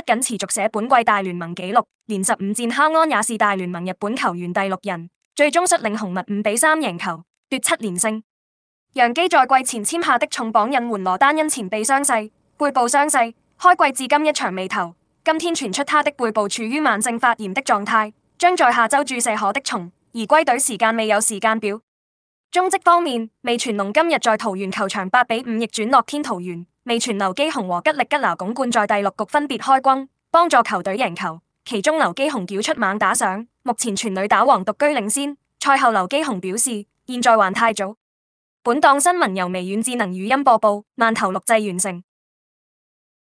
不僅持續寫本季大聯盟紀錄，連十五戰敲安也是大聯盟日本球員第六人。最終率領紅襪五比三贏球，奪七連勝。洋基在季前簽下的重磅引援羅丹因前臂傷勢、背部傷勢，開季至今一場未投。今天傳出他的背部處於慢性發炎的狀態，將在下周注射可的松，而歸隊時間未有時間表。中職方面，味全龍今日在桃園球場八比五逆轉樂天桃園。味全劉基鴻和吉力吉撈·鞏冠在第六局分別開轟，幫助球隊贏球。其中劉基鴻敲出猛打賞，目前全壘打王獨居領先。賽後劉基鴻表示：現在還太早。本檔新聞由微軟智能語音播報，慢頭錄製完成。